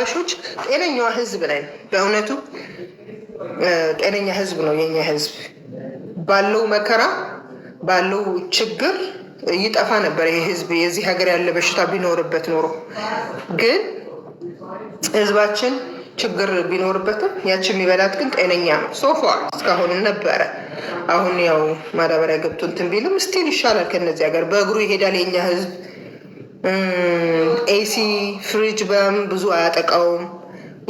ሀበሾች ጤነኛዋ ህዝብ ላይ በእውነቱ ጤነኛ ህዝብ ነው የኛ ህዝብ። ባለው መከራ ባለው ችግር ይጠፋ ነበር ይህ ህዝብ የዚህ ሀገር ያለ በሽታ ቢኖርበት ኖሮ። ግን ህዝባችን ችግር ቢኖርበትም ያች የሚበላት ግን ጤነኛ ነው። ሶፋ እስካሁን ነበረ። አሁን ያው ማዳበሪያ ገብቶ እንትን ቢልም ስቲል ይሻላል ከነዚህ ሀገር በእግሩ ይሄዳል የኛ ህዝብ። ኤሲ ፍሪጅ በም ብዙ አያጠቃውም።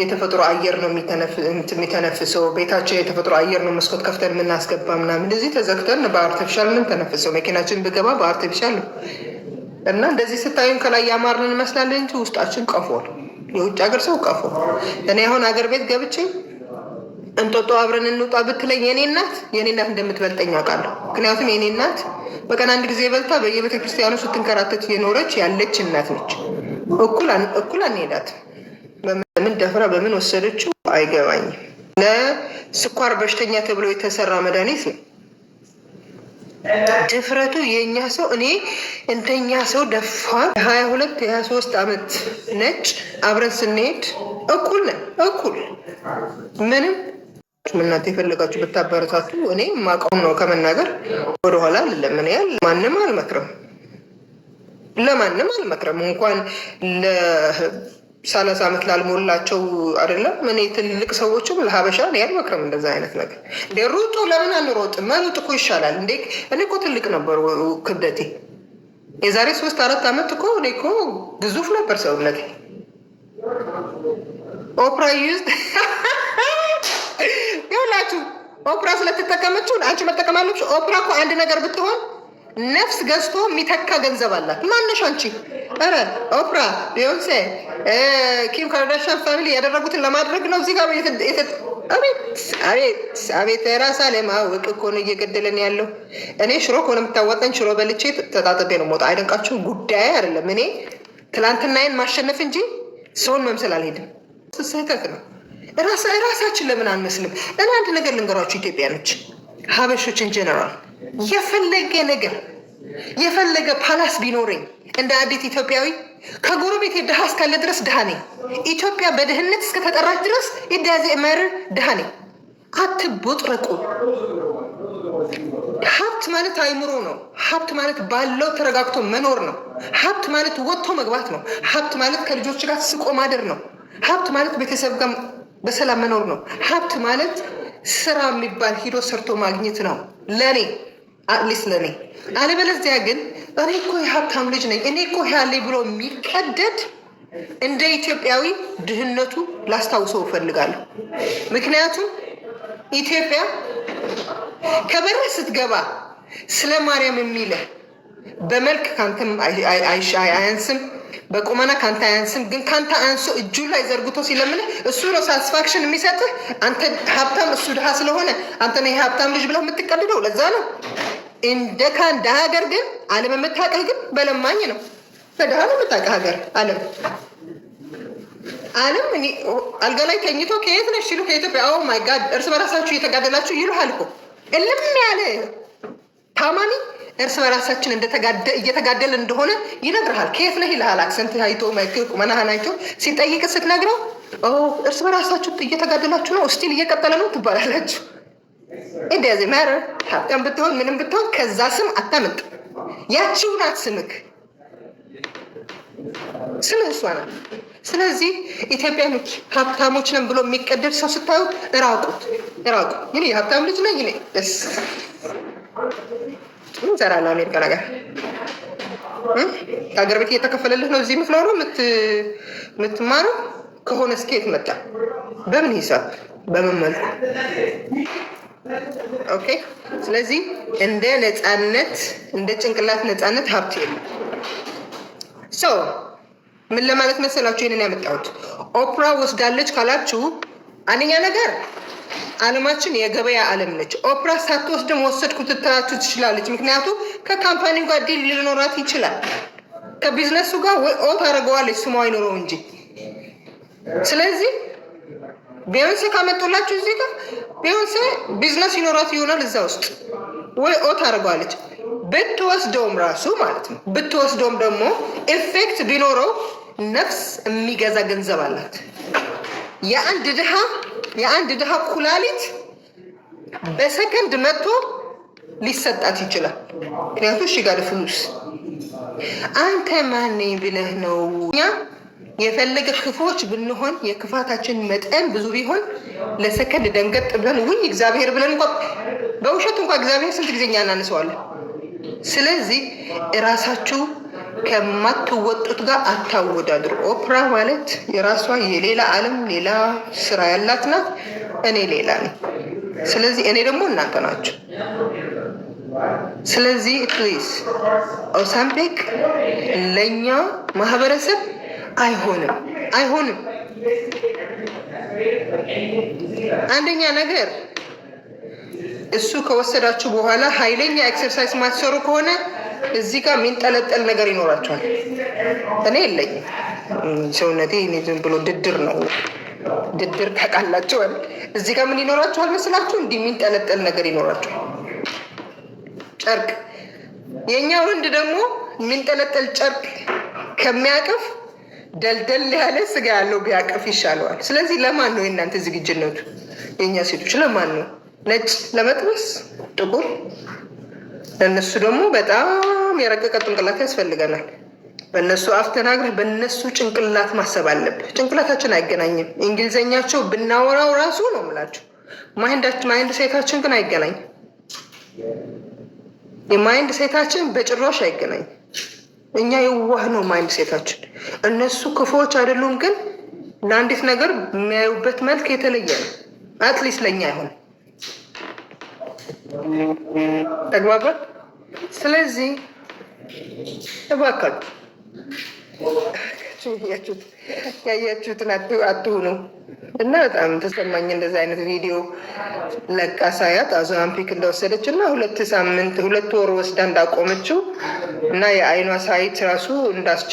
የተፈጥሮ አየር ነው የሚተነፍሰው። ቤታቸው የተፈጥሮ አየር ነው መስኮት ከፍተን የምናስገባ ምናምን። እዚህ ተዘግተን በአርቲፊሻል ምን ተነፍሰው መኪናችን ብገባ በአርቲፊሻል ነው እና እንደዚህ ስታዩን ከላይ ያማርን እንመስላለን እንጂ ውስጣችን ቀፎ የውጭ ሀገር ሰው ቀፎ። እኔ አሁን ሀገር ቤት ገብቼ እንጦጦ አብረን እንውጣ ብትለኝ የኔ እናት የኔ እናት እንደምትበልጠኝ አውቃለሁ። ምክንያቱም የኔ እናት በቀን አንድ ጊዜ በልታ በየቤተ ክርስቲያኑ ስትንከራተት የኖረች ያለች እናት ነች። እኩል አንሄዳትም። በምን ደፍራ በምን ወሰደችው አይገባኝም። ለስኳር በሽተኛ ተብሎ የተሰራ መድኃኒት ነው። ድፍረቱ የእኛ ሰው እኔ እንደኛ ሰው ደፋር የሀያ ሁለት የሀያ ሶስት አመት ነጭ አብረን ስንሄድ እኩል ነን እኩል ምንም ሁላችሁም እናንተ የፈለጋችሁ ብታበረታቱ እኔ ማቀውን ነው ከመናገር ወደኋላ አይደለም። እኔ ያል ማንም አልመክርም፣ ለማንም አልመክርም። እንኳን ለሰላሳ ዓመት ላልሞላቸው አይደለም እኔ ትልልቅ ሰዎችም ለሀበሻ እኔ አልመክርም እንደዛ አይነት ነገር። እንደ ሩጡ ለምን አንሮጥ? መሮጥ እኮ ይሻላል እንዴ! እኔ እኮ ትልቅ ነበር ክብደቴ። የዛሬ ሶስት አራት ዓመት እኮ እኔ እኮ ግዙፍ ነበር ሰውነቴ ኦፕራ ዩዝድ ይኸውላችሁ ኦፕራ ስለተጠቀመችው አንቺ መጠቀም አለብሽ። ኦፕራ እኮ አንድ ነገር ብትሆን ነፍስ ገዝቶ የሚተካ ገንዘብ አላት። ማነሽ አንቺ? ኧረ ኦፕራ፣ ቢዮንሴ፣ ኪም ካርዳሽን ፋሚሊ ያደረጉትን ለማድረግ ነው እዚህ ጋር አቤት አቤት አቤት! ራሳ ለማወቅ እኮ ነው እየገደለን ያለው። እኔ ሽሮ ከሆነ የምታዋጣኝ ሽሮ በልቼ ተጣጥቤ ነው ሞጣ። አይደንቃችሁ? ጉዳይ አይደለም። እኔ ትላንትናዬን ማሸነፍ እንጂ ሰውን መምሰል አልሄድም። ስህተት ነው። ራሳችን ለምን አንመስልም? እኔ አንድ ነገር ልንገራችሁ ኢትዮጵያኖች፣ ሀበሾችን ጀነራል የፈለገ ነገር የፈለገ ፓላስ ቢኖረኝ እንደ አዲት ኢትዮጵያዊ ከጎረቤቴ ድሃ እስካለ ድረስ ድሃ ነኝ። ኢትዮጵያ በድህነት እስከተጠራች ድረስ ኢዳዜ መር ድሃ ነኝ። አትቦጥረቁ። ሀብት ማለት አይምሮ ነው። ሀብት ማለት ባለው ተረጋግቶ መኖር ነው። ሀብት ማለት ወጥቶ መግባት ነው። ሀብት ማለት ከልጆች ጋር ስቆ ማደር ነው። ሀብት ማለት ቤተሰብ ጋር በሰላም መኖር ነው። ሀብት ማለት ስራ የሚባል ሂዶ ሰርቶ ማግኘት ነው ለእኔ አትሊስት ለእኔ። አለበለዚያ ግን እኔ እኮ የሀብታም ልጅ ነኝ እኔ እኮ ያሌ ብሎ የሚቀደድ እንደ ኢትዮጵያዊ ድህነቱ ላስታውሰው እፈልጋለሁ። ምክንያቱም ኢትዮጵያ ከበረ ስትገባ ስለ ማርያም የሚለ በመልክ ካንተም አያንስም በቁመና ከአንተ አያንስም፣ ግን ከአንተ አንሶ እጁ ላይ ዘርግቶ ሲለምን እሱ ነው ሳትስፋክሽን የሚሰጥህ። አንተ ሀብታም፣ እሱ ድሃ ስለሆነ አንተ ነው የሀብታም ልጅ ብለው የምትቀልደው። ለዛ ነው እንደ ሀገር ግን ዓለም የምታውቅህ ግን በለማኝ ነው በድሃ ነው የምታውቅህ ሀገር ዓለም ዓለም አልጋ ላይ ተኝቶ ከየት ነሽ ሲሉ ከኢትዮጵያ ኦ ማይ ጋድ እርስ በራሳችሁ እየተጋደላችሁ ይሉሃል እኮ እልም ያለ ታማሚ እርስ በራሳችን እየተጋደል እንደሆነ ይነግርሃል። ከየት ነህ ይልሃል። አክሰንት አይቶ ቁመናህን አይቶ ሲጠይቅ ስትነግረው እርስ በራሳችሁ እየተጋደላችሁ ነው፣ ስቲል እየቀጠለ ነው ትባላላችሁ። እንደዚ መር ሀብታም ብትሆን ምንም ብትሆን ከዛ ስም አታምጥ። ያቺው ናት ስምክ፣ ስምህ እሷ ናት። ስለዚህ ኢትዮጵያኖች ሀብታሞች ነን ብሎ የሚቀደድ ሰው ስታዩ እራቁት፣ እራቁ። እኔ ሀብታም ልጅ ነኝ እኔ ጥሩ ነው። አሜሪካ ነገር ከሀገር ቤት እየተከፈለልህ ነው እዚህ የምትኖረው የምትማረው ከሆነ ስኬት መጣ። በምን ሂሳብ በምን መልኩ? ኦኬ። ስለዚህ እንደ ነፃነት እንደ ጭንቅላት ነፃነት ሀብት የለም። ሰው ምን ለማለት መሰላችሁ ይህንን ያመጣሁት ኦፕራ ወስዳለች ካላችሁ አንደኛ ነገር አለማችን የገበያ አለም ነች። ኦፕራ ሳትወስድም ወሰድኩ ትታችሁ ትችላለች። ምክንያቱም ከካምፓኒው ጋር ዲል ሊኖራት ይችላል። ከቢዝነሱ ጋር ኦት አድርገዋለች ስሟ አይኖረው እንጂ። ስለዚህ ቢዮንሴ ካመጡላችሁ እዚህ ጋር ቢዮንሴ ቢዝነስ ይኖራት ይሆናል እዛ ውስጥ ወይ ኦት አድርገዋለች። ብትወስደውም ራሱ ማለት ነው ብትወስደውም ደግሞ ኢፌክት ቢኖረው ነፍስ የሚገዛ ገንዘብ አላት የአንድ ድሃ የአንድ ድሃ ኩላሊት በሰከንድ መጥቶ ሊሰጣት ይችላል። ምክንያቱ እሺ ጋር ፍሉስ አንተ ማነኝ ብለህ ነው። እኛ የፈለገ ክፎች ብንሆን የክፋታችን መጠን ብዙ ቢሆን ለሰከንድ ደንገጥ ብለን ውይ እግዚአብሔር ብለን እንኳ በውሸት እንኳ እግዚአብሔር ስንት ጊዜ እኛ እናንሰዋለን። ስለዚህ እራሳችሁ ከማትወጡት ጋር አታወዳድሩ። ኦፕራ ማለት የራሷ የሌላ ዓለም ሌላ ስራ ያላት ናት። እኔ ሌላ ነኝ። ስለዚህ እኔ ደግሞ እናንተ ናችሁ። ስለዚህ ፕሊዝ ኦሳምፒክ ለእኛ ማህበረሰብ አይሆንም፣ አይሆንም። አንደኛ ነገር እሱ ከወሰዳችሁ በኋላ ኃይለኛ ኤክሰርሳይዝ ማትሰሩ ከሆነ እዚህ ጋር የሚንጠለጠል ነገር ይኖራቸዋል። እኔ የለኝም። ሰውነቴ ዝም ብሎ ድድር ነው። ድድር ታውቃላችሁ። እዚህ ጋር ምን ይኖራቸዋል መስላችሁ? እንዲህ የሚንጠለጠል ነገር ይኖራቸዋል። ጨርቅ። የእኛ ወንድ ደግሞ የሚንጠለጠል ጨርቅ ከሚያቅፍ ደልደል ያለ ስጋ ያለው ቢያቅፍ ይሻለዋል። ስለዚህ ለማን ነው የእናንተ ዝግጅነቱ? የእኛ ሴቶች ለማን ነው? ነጭ ለመጥበስ ጥቁር እነሱ ደግሞ በጣም የረቀቀ ጭንቅላት ያስፈልገናል። በእነሱ አፍ ተናግረህ በእነሱ ጭንቅላት ማሰብ አለብህ። ጭንቅላታችን አይገናኝም። እንግሊዘኛቸው ብናወራው ራሱ ነው የምላቸው ማይንድ ሴታችን ግን አይገናኝም። የማይንድ ሴታችን በጭራሽ አይገናኝም። እኛ የዋህ ነው ማይንድ ሴታችን። እነሱ ክፉዎች አይደሉም፣ ግን ለአንዲት ነገር የሚያዩበት መልክ የተለየ ነው። አትሊስት ለእኛ አይሆንም። ተግባባል። ስለዚህ እባካችሁ ያያችሁትን አትሁኑ እና በጣም ተሰማኝ። እንደዚ አይነት ቪዲዮ ለቃ ሳያት አዞራምፒክ እንደወሰደች እና ሁለት ሳምንት ሁለት ወር ወስዳ እንዳቆመችው እና የአይኗ ሳይት ራሱ እንዳስቸ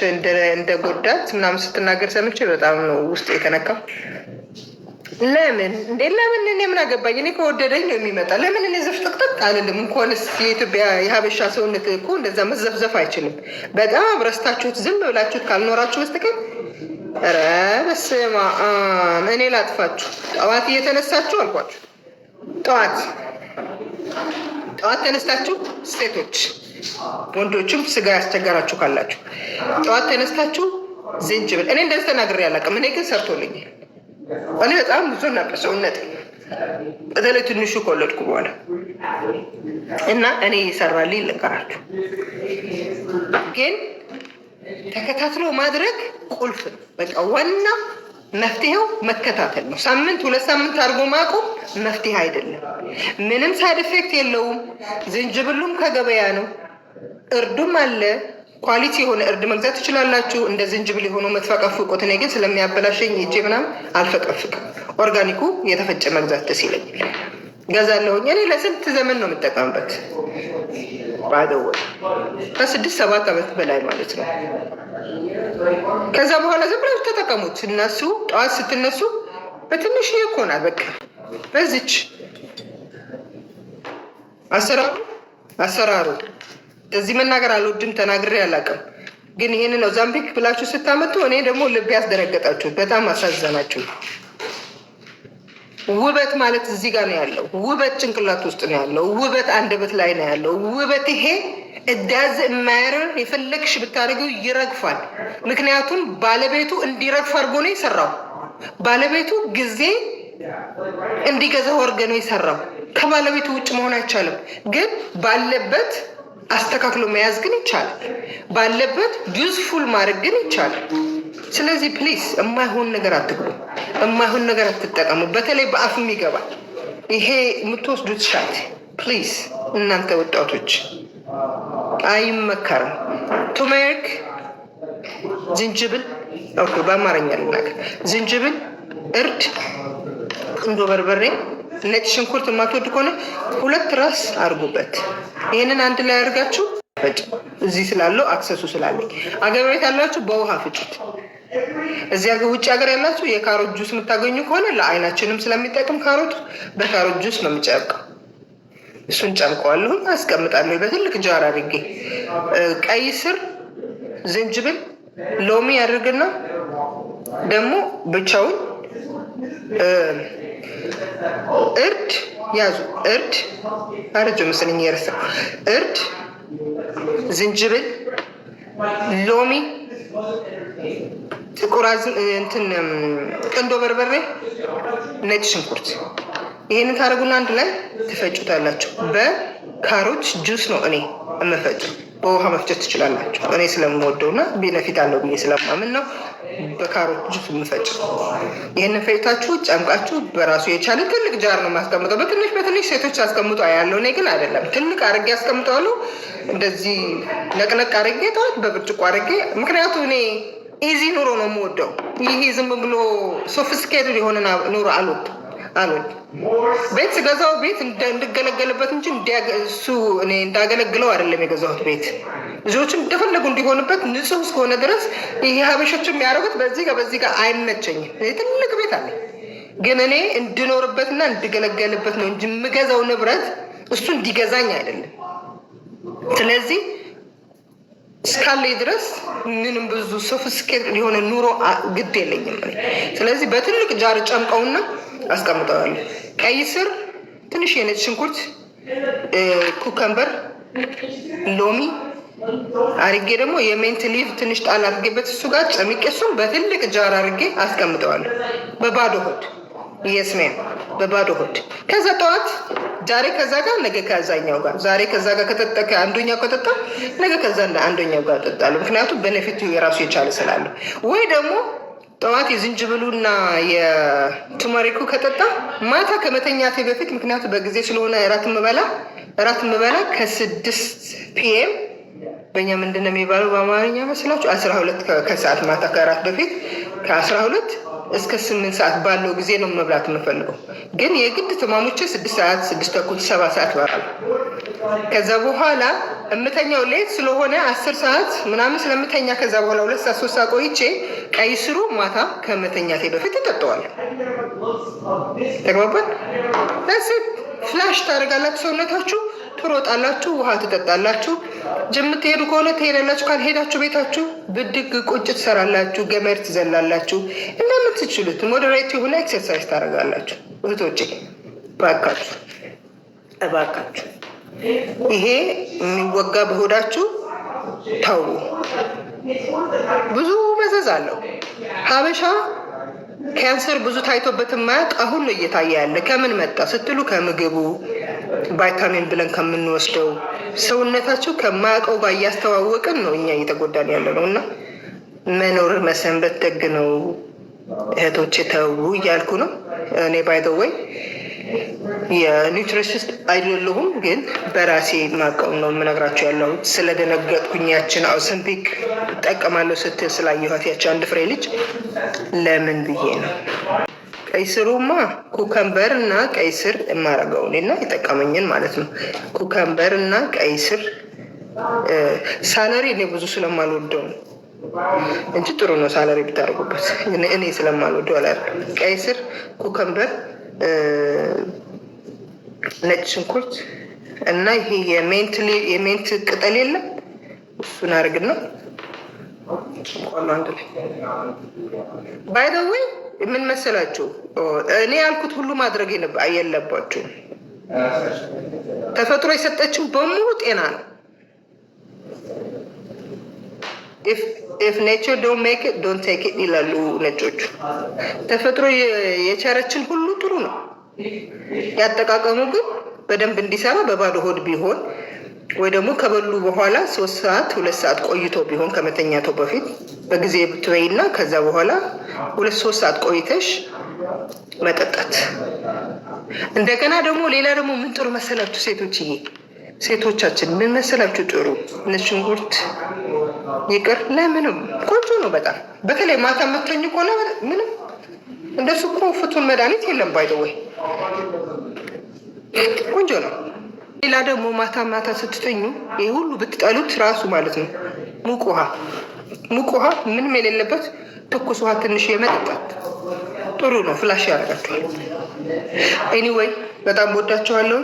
እንደጎዳት ምናምን ስትናገር ሰምቼ በጣም ነው ውስጥ የተነካው። ለምን እንዴ? ለምን እኔ ምን አገባኝ? እኔ ከወደደኝ ነው የሚመጣ። ለምን እኔ ዘፍጥቅጥቅ አልልም። እንኳንስ የኢትዮጵያ የሀበሻ ሰውነት እኮ እንደዛ መዘፍዘፍ አይችልም። በጣም ረስታችሁት ዝም ብላችሁት ካልኖራችሁ በስተቀር ኧረ በስመ አብ እኔ ላጥፋችሁ። ጠዋት እየተነሳችሁ አልኳችሁ። ጠዋት ጠዋት ተነስታችሁ ሴቶች፣ ወንዶችም ስጋ ያስቸገራችሁ ካላችሁ ጠዋት ተነስታችሁ ዝንጅብል እኔ እንደዚህ ተናግሬ አላውቅም። እኔ ግን ሰርቶልኛል እኔ በጣም ብዙ ነበር ሰውነት በተለይ ትንሹ ከወለድኩ በኋላ እና እኔ የሰራልኝ ልንገራችሁ፣ ግን ተከታትሎ ማድረግ ቁልፍ ነው። በቃ ዋና መፍትሄው መከታተል ነው። ሳምንት ሁለት ሳምንት አድርጎ ማቆም መፍትሄ አይደለም። ምንም ሳይድ ኢፌክት የለውም። ዝንጅብሉም ከገበያ ነው፣ እርዱም አለ ኳሊቲ የሆነ እርድ መግዛት ትችላላችሁ። እንደ ዝንጅብል የሆነው መትፈቀፍቆት እኔ ግን ስለሚያበላሸኝ እጄ ምናምን አልፈቀፍቅም። ኦርጋኒኩ የተፈጨ መግዛት ደስ ይለኛል። ገዛለሁኝ እኔ ለስንት ዘመን ነው የምጠቀምበት፣ ከስድስት ሰባት ዓመት በላይ ማለት ነው። ከዛ በኋላ ዝም ብላችሁ ተጠቀሙት። እነሱ ጠዋት ስትነሱ በትንሽ ይኮናል። በቃ በዚች አሰራሩ አሰራሩ እዚህ መናገር አልወድም፣ ተናግሬ አላውቅም። ግን ይህን ነው ዛምቢክ ብላችሁ ስታመጡ እኔ ደግሞ ልብ ያስደነገጣችሁ፣ በጣም አሳዘናችሁ። ውበት ማለት እዚህ ጋር ነው ያለው። ውበት ጭንቅላት ውስጥ ነው ያለው። ውበት አንደበት ላይ ነው ያለው። ውበት ይሄ እዳዝ የማያርር የፈለግሽ ብታደርገው ይረግፋል። ምክንያቱም ባለቤቱ እንዲረግፍ አድርጎ ነው የሰራው። ባለቤቱ ጊዜ እንዲገዛ ወርገ ነው የሰራው። ከባለቤቱ ውጭ መሆን አይቻልም። ግን ባለበት አስተካክሎ መያዝ ግን ይቻላል። ባለበት ዩዝፉል ማድረግ ግን ይቻላል። ስለዚህ ፕሊስ የማይሆን ነገር አትግቡ፣ የማይሆን ነገር አትጠቀሙ። በተለይ በአፍ ይገባል ይሄ የምትወስዱት ሻት። ፕሊስ እናንተ ወጣቶች አይመከርም። ቱሜሪክ ዝንጅብል፣ በአማርኛ ልናገር፣ ዝንጅብል፣ እርድ፣ እንዶ በርበሬ ነጭ ሽንኩርት የማትወድ ከሆነ ሁለት ራስ አድርጉበት። ይህንን አንድ ላይ አድርጋችሁ ፈጭ። እዚህ ስላለው አክሰሱ ስላለኝ አገር ቤት ያላችሁ በውሃ ፍጭት። እዚህ ሀገር ውጭ ሀገር ያላችሁ የካሮት ጁስ የምታገኙ ከሆነ ለአይናችንም ስለሚጠቅም ካሮት በካሮት ጁስ ነው የሚጨምቀው። እሱን ጨምቀዋለሁ አስቀምጣለሁ በትልቅ ጃር አድርጌ ቀይ ስር፣ ዝንጅብል፣ ሎሚ ያደርግና ደግሞ ብቻውን እርድ ያዙ። እርድ አረጆ መስለኝ የረሳ እርድ፣ ዝንጅብል፣ ሎሚ፣ ጥቁር እንትን ቅንዶ በርበሬ፣ ነጭ ሽንኩርት ይህንን ታደርጉና አንድ ላይ ትፈጩታላችሁ። በካሮት ጁስ ነው እኔ እምፈጩ። በውሃ መፍጨት ትችላላችሁ። እኔ ስለምወደውና ቤነፊት አለው ብዬ ስለማምን ነው በካሮት ጁስ የምፈጭ። ይህንን ፈጭታችሁ ጨምቃችሁ በራሱ የቻለ ትልቅ ጃር ነው የማስቀምጠው። በትንሽ በትንሽ ሴቶች አስቀምጦ ያለው እኔ ግን አይደለም። ትልቅ አርጌ አስቀምጠዋለሁ። እንደዚህ ነቅነቅ አርጌ ጠዋት በብርጭቆ አርጌ ምክንያቱ እኔ ኢዚ ኑሮ ነው የምወደው። ይሄ ዝም ብሎ ሶፊስቲኬትድ የሆነ ኑሮ አልወድም። አልወድም። ቤት ስገዛው ቤት እንድገለገልበት እንጂ እሱ እኔ እንዳገለግለው አይደለም የገዛሁት ቤት። ልጆችም እንደፈለጉ እንዲሆንበት ንጹህ እስከሆነ ድረስ ይሄ ሀበሾች የሚያደርጉት በዚህ ጋር በዚህ ጋር አይመቸኝም። ትልቅ ቤት አለ፣ ግን እኔ እንድኖርበትና እንድገለገልበት ነው እንጂ የምገዛው ንብረት እሱ እንዲገዛኝ አይደለም። ስለዚህ እስካለ ድረስ ምንም ብዙ ሶፍስኬት የሆነ ኑሮ ግድ የለኝም። ስለዚህ በትልቅ ጃር ጨምቀውና አስቀምጠዋል። ቀይ ስር፣ ትንሽ የነጭ ሽንኩርት፣ ኩከምበር፣ ሎሚ አርጌ ደግሞ የሜንት ሊቭ ትንሽ ጣል አርጌበት እሱ ጋር ጨምቄ እሱም በትልቅ ጃር አርጌ አስቀምጠዋለሁ በባዶ ሆድ የስሜ በባዶ ሆድ። ከዛ ጠዋት ዛሬ ከዛ ጋር ነገ ከዛኛው ጋር ዛሬ ከዛ ጋር ከጠጣ ከአንዱኛው ከጠጣ ነገ ከዛ አንዱኛው ጋር ጠጣለሁ። ምክንያቱም በነፊት የራሱ የቻለ ስላለ ወይ ደግሞ ጠዋት የዝንጅብሉና የቱመሪኩ ከጠጣ ማታ ከመተኛቴ በፊት ምክንያቱ በጊዜ ስለሆነ እራት ምበላ እራት ምበላ ከስድስት ፒኤም በእኛ ምንድን ነው የሚባለው በአማርኛ መስላችሁ? አስራ ሁለት ከሰዓት ማታ ከእራት በፊት ከአስራ ሁለት እስከ ስምንት ሰዓት ባለው ጊዜ ነው መብላት የምፈልገው። ግን የግድ ትማሞቼ ስድስት ሰዓት ስድስት ተኩል ሰባት ሰዓት ይበላሉ። ከዛ በኋላ እምተኛው ሌት ስለሆነ አስር ሰዓት ምናምን ስለምተኛ ከዛ በኋላ ሁለት ሰዓት ሶስት ሰዓት ቆይቼ ቀይ ስሩ ማታ ከመተኛቴ በፊት ይጠጠዋል። ተግባባል። ስ ፍላሽ ታደርጋላችሁ፣ ሰውነታችሁ ትሮጣላችሁ፣ ውሃ ትጠጣላችሁ። የምትሄዱ ከሆነ ትሄዳላችሁ፣ ካልሄዳችሁ ቤታችሁ ብድግ ቁጭ ትሰራላችሁ፣ ገመድ ትዘላላችሁ። እንደምትችሉት ሞደሬት የሆነ ኤክሰርሳይዝ ታደርጋላችሁ። እህቶቼ እባካችሁ እባካችሁ ይሄ የሚወጋ በሆዳችሁ ተው። ብዙ መዘዝ አለው። ሀበሻ ካንሰር ብዙ ታይቶበት የማያውቅ አሁን ነው እየታየ ያለ። ከምን መጣ ስትሉ ከምግቡ ቫይታሚን ብለን ከምንወስደው ሰውነታቸው ከማያውቀው ጋር እያስተዋወቅን ነው እኛ እየተጎዳን ያለ ነው። እና መኖር መሰንበት ደግ ነው እህቶች ተው እያልኩ ነው እኔ ባይተወይ የኒውትሪሽስት አይደለሁም፣ ግን በራሴ ማቀም ነው የምነግራቸው ያለው ስለደነገጥኩኝ ያችን አውሰንቲክ እጠቀማለሁ ስትል ስላየኋት ያች አንድ ፍሬ ልጅ ለምን ብዬ ነው። ቀይ ስሩማ ኩከምበር እና ቀይ ስር የማረገውን እና የጠቀመኝን ማለት ነው። ኩከምበር እና ቀይ ስር ሳለሪ እኔ ብዙ ስለማልወደው እንጂ ጥሩ ነው ሳለሪ ብታደርጉበት። እኔ ስለማልወደው አላ ቀይ ስር ኩከምበር ነጭ ሽንኩርት እና ይሄ የሜንት ቅጠል የለም፣ እሱን አድርግና አንድ ላይ ባይደዌ ምን መሰላችሁ፣ እኔ ያልኩት ሁሉ ማድረግ የለባችሁ። ተፈጥሮ የሰጠችው በሙሉ ጤና ነው። ኢፍ ኔቸር ዶን ሜክ ዶን ቴክ ይላሉ ነጮቹ። ተፈጥሮ የቸረችን ሁሉ ጥሩ ነው። ያጠቃቀሙ ግን በደንብ እንዲሰራ በባዶ ሆድ ቢሆን ወይ ደግሞ ከበሉ በኋላ ሶስት ሰዓት ሁለት ሰዓት ቆይቶ ቢሆን ከመተኛቶ በፊት በጊዜ ብትበይ እና ከዛ በኋላ ሁለት ሶስት ሰዓት ቆይተሽ መጠጣት። እንደገና ደግሞ ሌላ ደግሞ ምን ጥሩ መሰላችሁ ሴቶችዬ፣ ሴቶቻችን ምን መሰላችሁ ጥሩ ነጭ ሽንኩርት ይቅር ለምንም ቆንጆ ነው በጣም በተለይ ማታ መተኝ ከሆነ ምንም እንደሱ እኮ ፍቱን መድኃኒት የለም ባይደወይ ቆንጆ ነው። ሌላ ደግሞ ማታ ማታ ስትተኙ ይህ ሁሉ ብትጠሉት ራሱ ማለት ነው ሙቅ ውሃ ሙቅ ውሃ ምንም የሌለበት ትኩስ ውሃ ትንሽ የመጠጣት ጥሩ ነው። ፍላሽ ያደርጋቸዋል ኤኒወይ በጣም ወዳችኋለሁ።